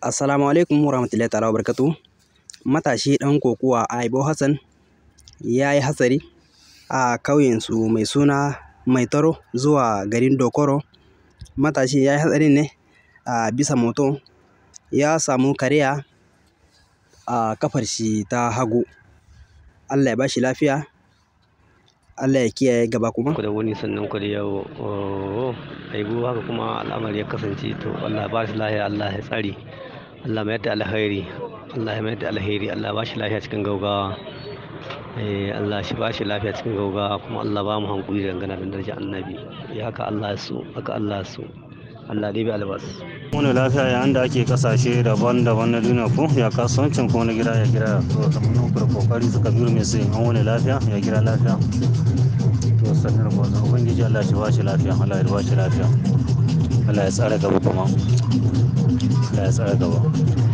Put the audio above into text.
Assalamu alaikum warahmatullahi ta'ala barkatu. Matashi ɗan kokuwa Aibo Hassan ya yi hatsari a ƙauyensu mai suna Maitaro zuwa garin Dokoro. Matashi ya yi hatsarin ne a bisa moto ya samu kariya a kafar shi ta hagu. Allah ya bashi lafiya. Allah ya kiyaye gaba kuma. da wani sannan ku da yau aibu haka kuma al'amari ya kasance to Allah ya ba shi lafiya Allah ya tsare. Allah mai da alheri Allah mai da alheri Allah ba shi lafiya cikin gaugawa eh, Allah shi ba shi lafiya cikin gaugawa kuma Allah ba mu hankuri dangana da darajar annabi ya haka Allah su haka Allah su Allah dai bi albas wani lafiya ya anda ake kasashe daban-daban na duniya ko ya kasuwancin ko na gida ya gida to zamanin kokari suka biyu mai sai an wani lafiya ya gida lafiya to sanar ko ubangiji Allah shi ba shi lafiya Allah ya ba shi lafiya Allah ya tsara gaba kuma As another uh,